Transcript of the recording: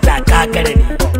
ta kakara ne